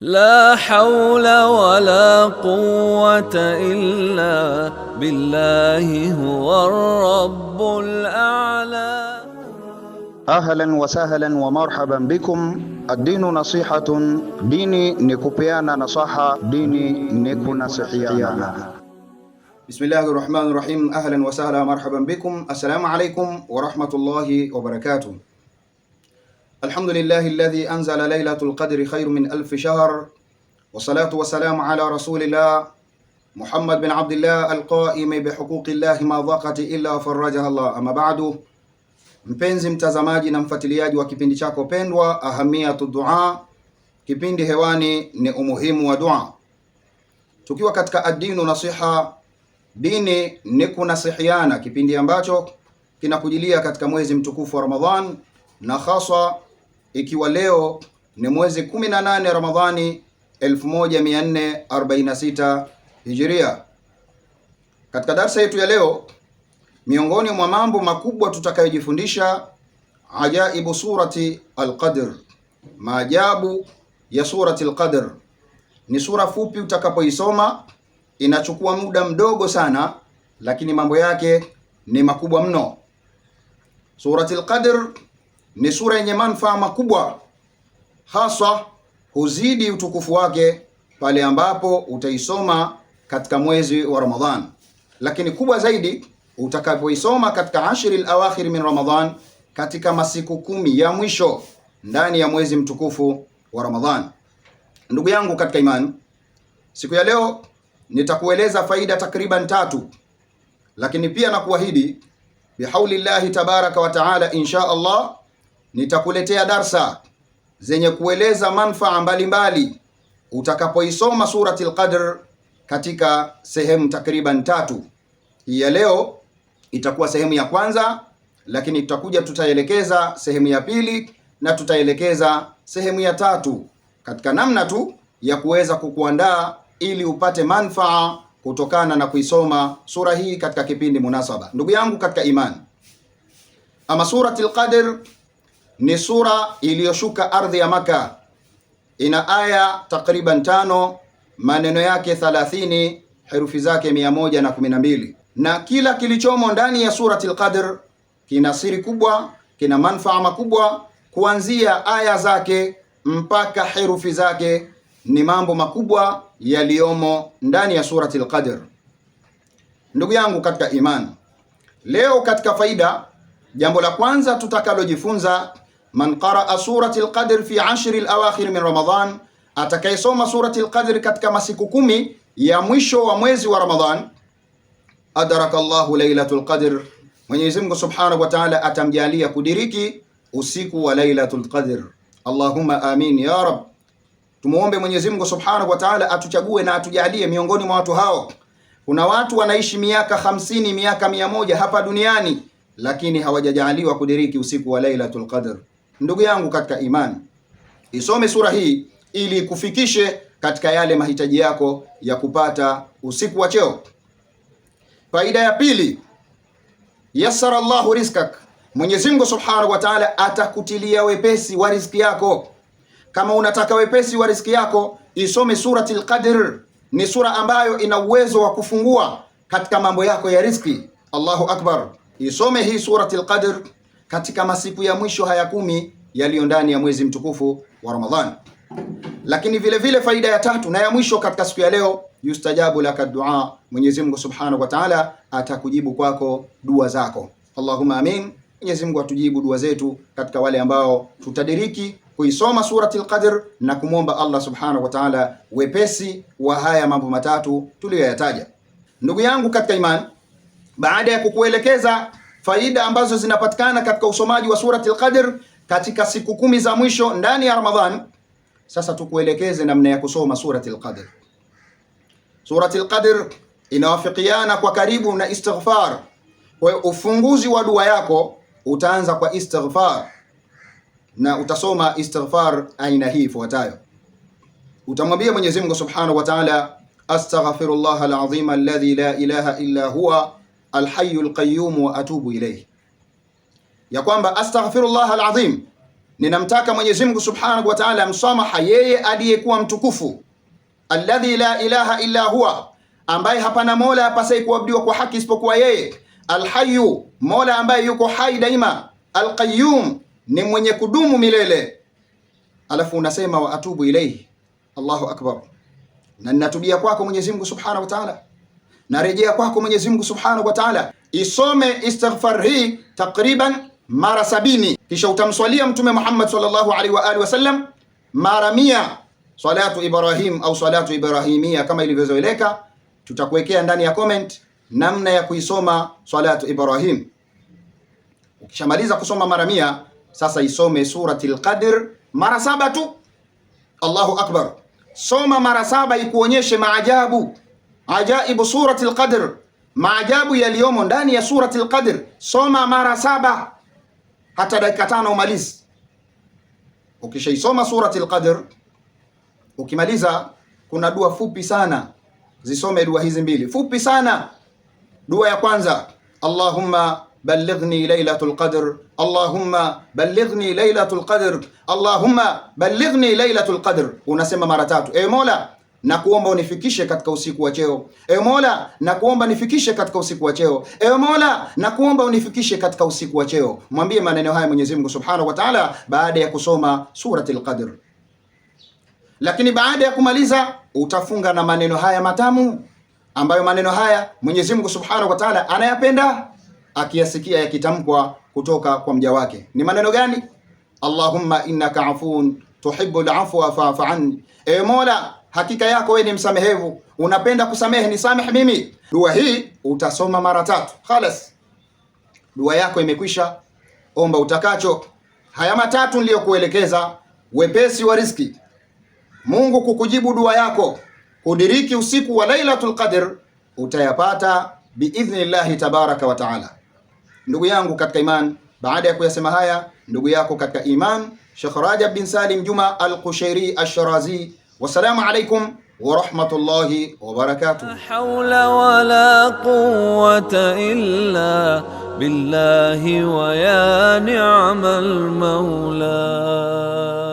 لا حول ولا قوة إلا بالله هو الرب الأعلى أهلا وسهلا ومرحبا بكم الدين نصيحة ديني نكوبيانا نصحة ديني نكونا بسم الله الرحمن الرحيم أهلا وسهلا مرحبا بكم السلام عليكم ورحمة الله وبركاته Alhamdulillahi alladhi anzala lailatul qadri khayrun min alf shahr wa wassalamu ala rasulillah Muhammad bin Abdillah alqaimi bihuquqillahi ma dhaqat illa farajaha Allah. Amma ba'du, mpenzi mtazamaji na mfuatiliaji wa kipindi chako pendwa ahamiyatu dua, kipindi hewani ni umuhimu wa dua, tukiwa katika adinu nasiha, dini ni kunasihiana, kipindi ambacho kinakujilia katika mwezi mtukufu wa Ramadhan na haswa ikiwa leo ni mwezi 18 Ramadhani 1446 Hijria. Katika darsa yetu ya leo, miongoni mwa mambo makubwa tutakayojifundisha ajaibu surati Al-Qadr, maajabu ya surati Al-Qadr. Ni sura fupi, utakapoisoma inachukua muda mdogo sana, lakini mambo yake ni makubwa mno. Surati Al-Qadr ni sura yenye manufaa makubwa, haswa huzidi utukufu wake pale ambapo utaisoma katika mwezi wa Ramadhan, lakini kubwa zaidi utakapoisoma katika ashri al-awakhir min Ramadhan, katika masiku kumi ya mwisho ndani ya mwezi mtukufu wa Ramadhan. Ndugu yangu katika imani, siku ya leo nitakueleza faida takriban tatu, lakini pia nakuahidi bihaulillahi tabaraka wa taala insha Allah nitakuletea darsa zenye kueleza manfaa mbalimbali utakapoisoma surati al-Qadr katika sehemu takriban tatu. Hii ya leo itakuwa sehemu ya kwanza, lakini tutakuja tutaelekeza sehemu ya pili na tutaelekeza sehemu ya tatu katika namna tu ya kuweza kukuandaa ili upate manfaa kutokana na kuisoma sura hii katika kipindi munasaba. Ndugu yangu katika imani, ama surati qadr ni sura iliyoshuka ardhi ya Maka, ina aya takriban tano, maneno yake thalathini, herufi zake moja na kila kilichomo ndani ya surati Qadr kina siri kubwa, kina manfaa makubwa, kuanzia aya zake mpaka herufi zake ni mambo makubwa yaliyomo ndani ya surati Qadr. Ndugu yangu katika imani, leo katika faida, jambo la kwanza tutakalojifunza man qaraa surati lqadri fi ashri lawakhir min Ramadan, atakayesoma surati lqadri katika masiku kumi ya mwisho wa mwezi wa Ramadan, adraka llahu lailatul lqadr, Mwenyezi Mungu subhanahu wa ta'ala atamjalia kudiriki usiku wa lailatul lqadr. Allahumma amin ya rab. Tumuombe Mwenyezi Mungu subhanahu wa ta'ala atuchague na atujalie miongoni mwa watu hao. Kuna watu wanaishi miaka hamsini, miaka mia moja hapa duniani, lakini hawajajaliwa kudiriki usiku wa lailatul qadr. Ndugu yangu katika imani, isome sura hii ili kufikishe katika yale mahitaji yako ya kupata usiku wa cheo. Faida ya pili, yassara llahu rizqak, Mwenyezi Mungu subhanahu wa taala atakutilia wepesi wa riziki yako. Kama unataka wepesi wa riziki yako, isome surati Lqadr. Ni sura ambayo ina uwezo wa kufungua katika mambo yako ya riziki. Allahu akbar, isome hii surati Lqadr katika masiku ya mwisho haya kumi yaliyo ndani ya mwezi mtukufu wa Ramadhani. Lakini vile vile faida ya tatu na ya mwisho katika siku ya leo, yustajabu laka dua, Mwenyezi Mungu Subhanahu wa Ta'ala atakujibu kwako dua zako. Allahumma amin. Mwenyezi Mungu atujibu dua zetu katika wale ambao tutadiriki kuisoma surati al-Qadr na kumwomba Allah Subhanahu wa Ta'ala wepesi wa haya mambo matatu tuliyoyataja. Ndugu yangu katika imani, baada ya kukuelekeza faida ambazo zinapatikana katika usomaji wa al Qadr katika siku kumi za mwisho ndani ya Ramadhan. Sasa tukuelekeze namna ya kusoma al Qadr. al Qadr inawafikiana kwa karibu na istighfar. Kwa hiyo ufunguzi wa dua yako utaanza kwa istighfar na utasoma istighfar aina hii ifuatayo. Utamwambia Mwenyezi Mungu Subhanahu wa Ta'ala, astaghfirullah al-azim alladhi la ilaha illa huwa alhayyul qayyum wa atubu ilayhi, ya kwamba astaghfirullah alazim, ninamtaka Mwenyezi Mungu subhanahu wa ta'ala msamaha, yeye aliyekuwa mtukufu, alladhi la ilaha illa huwa, ambaye hapana mola apasai kuabudiwa kwa haki isipokuwa yeye, alhayyu, mola ambaye yuko hai daima, alqayyum, ni mwenye kudumu milele. Alafu unasema wa atubu ilayhi, Allahu akbar, na ninatubia kwako Mwenyezi Mungu subhanahu wa ta'ala narejea kwako Mwenyezi Mungu Subhanahu wa Ta'ala, isome istighfar hii takriban mara sabini, kisha utamswalia Mtume Muhammad sallallahu alaihi wa alihi wasallam mara mia salatu Ibrahim au salatu ibrahimia kama ilivyozoeleka. Tutakuwekea ndani ya comment namna ya kuisoma salatu Ibrahim. Ukishamaliza kusoma mara mia, sasa isome suratul Qadr mara saba tu. Allahu akbar, soma mara saba ikuonyeshe maajabu ajaibu surati al maajabu yaliyomo ndani ya surati lqadr Soma mara saba hata dakika tano umalizi. Ukishaisoma surati lqadr ukimaliza, kuna dua fupi sana, zisome dua hizi mbili fupi sana. Dua ya kwanza Allahumma ballighni lailatul qadr, Allahumma ballighni lailatul qadr, Allahumma ballighni lailatul qadr. Unasema mara tatu, e Mola na kuomba unifikishe katika usiku wa cheo. Ewe Mola, na kuomba nifikishe katika usiku wa cheo. Ewe Mola, na kuomba unifikishe katika usiku wa cheo. Mwambie maneno haya Mwenyezi Mungu Subhanahu wa Ta'ala baada ya kusoma Suratul Qadr. Lakini baada ya kumaliza utafunga na maneno haya matamu ambayo maneno haya Mwenyezi Mungu Subhanahu wa Ta'ala anayapenda akiyasikia yakitamkwa kutoka kwa mja wake. Ni maneno gani? Allahumma innaka afuun tuhibbul afwa fa'fu anni. Ewe Mola hakika yako wewe ni msamehevu, unapenda kusamehe, nisamehe mimi. Dua hii utasoma mara tatu, khalas, dua yako imekwisha. Omba utakacho. Haya matatu niliyokuelekeza, wepesi wa riziki, Mungu kukujibu dua yako, kudiriki usiku wa Lailatul Qadr, utayapata biidhnillahi tabaraka wa taala. Ndugu yangu katika iman, baada ya kuyasema haya, ndugu yako katika iman Sheikh Rajab bin Salim Juma Al-Qushairi Ash-Shirazi والسلام عليكم ورحمة الله وبركاته لا حول ولا قوة إلا بالله ويا نعم المولى